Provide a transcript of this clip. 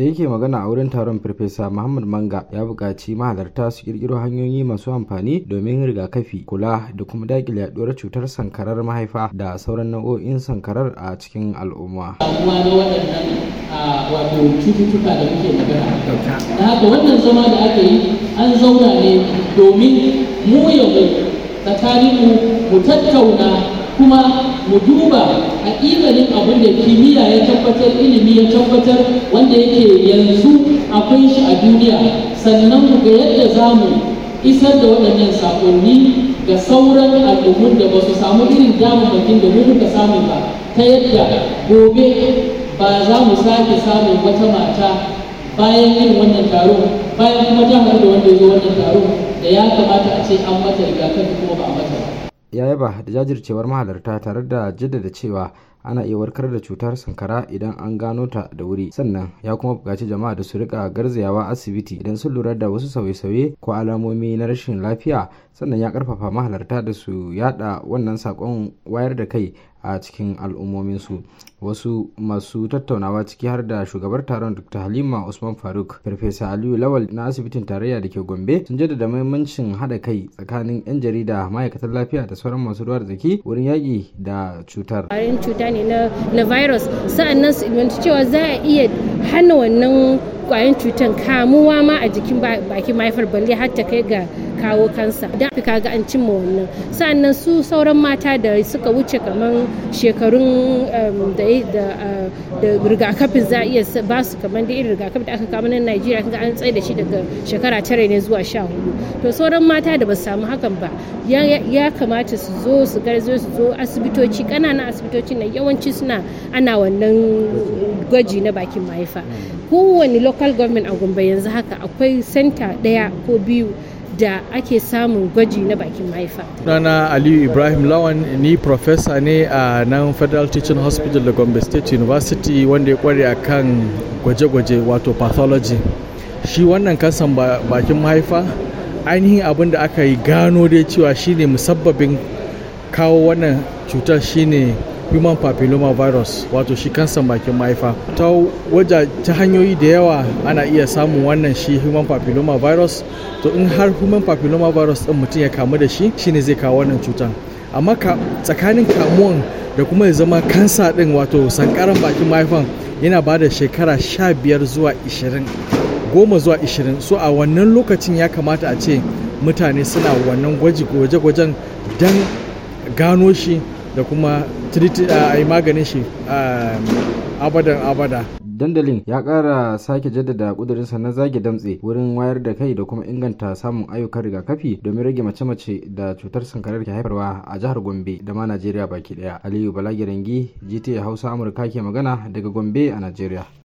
da yake magana a wurin taron farfesa muhammad manga ya buƙaci mahalarta su ƙirƙiro hanyoyi masu amfani domin rigakafi kula da kuma daƙile yaduwar cutar sankarar mahaifa da sauran nau'o'in sankarar a cikin al'umma an zauna ne domin mu yau tsakaninmu mu tattauna kuma mu duba hakikalin abin da kimiyya ya tabbatar ilimi ya tabbatar wanda yake yanzu akwai shi a duniya sannan mu ga yadda za mu isar da waɗannan saƙonni ga sauran al'ummun da ba su samu irin damammakin da mu muka samu ba ta yadda gobe ba za mu sake samun wata mata bayan yin wannan taro bayan kuma ta da wanda ya zo wannan taro da ya kamata a ce an mata rigakafi kuma ba a mata ba ya yaba da jajircewar mahalarta tare da jaddada cewa ana iya warkar da cutar sankara idan an gano ta da wuri sannan ya kuma buƙaci jama'a da su rika garzayawa asibiti idan sun lura da wasu sauye-sauye ko alamomi na rashin lafiya sannan ya karfafa mahalarta da su yada wannan sakon wayar da kai a cikin al'ummominsu wasu masu tattaunawa ciki har da shugabar taron dr halima usman faruk farfesa aliyu lawal na asibitin tarayya da ke gombe sun jaddada muhimmancin haɗa kai tsakanin 'yan jarida ma'aikatan lafiya da sauran masu ruwa da zaki wurin yaƙi da cutar. cutar ne na virus sa'annan su cewa za a iya hana wannan kwayan cutan kamuwa ma a jikin bakin mahaifar balle har ta kai ga kawo kansa da ka ga an cimma wannan sannan su sauran mata da suka wuce kamar shekarun um, da rigakafin za a iya ba su kamar da irin rigakafin da aka kama na Najeriya kan an tsaye da shi daga shekara tare ne zuwa sha hudu to sauran mata da ba su samu hakan ba ya kamata su zo su garzo su zo asibitoci ƙananan asibitoci na yawanci suna ana wannan gwaji na bakin mahaifa kowane lokaci local government a gombe yanzu haka akwai senta ɗaya ko biyu da ake samun gwaji na bakin mahaifa. Sunana Aliyu Ibrahim Lawan ni professor ne a nan Federal Teaching Hospital da Gombe State University wanda ya kware a kan gwaje-gwaje wato pathology. Shi wannan kasan bakin mahaifa ainihin abin da aka yi gano dai cewa shine musabbabin kawo wannan cutar shine human papilloma virus wato shi kansan bakin mahaifa ta waje ta hanyoyi da yawa ana iya samun wannan shi human papilloma virus to in har human papilloma virus din mutum ya kamu da shi shine zai kawo wannan cutan amma tsakanin kamuwan da kuma ya zama kansa din wato sankaran bakin mahaifan yana ba da shekara biyar zuwa ishirin goma zuwa ishirin. so a wannan lokacin ya kamata a ce mutane suna wannan gwaji gwaje-gwajen don gano shi da kuma a yi maganin shi abadan abada dandalin ya kara sake jaddada kudurinsa na zage damtse wurin wayar da kai da kuma inganta samun ayyukan rigakafi domin rage mace-mace da cutar sankarar ke haifarwa a jihar gombe da ma najeriya baki daya aliyu balagirangi gta hausa amurka ke magana daga gombe a najeriya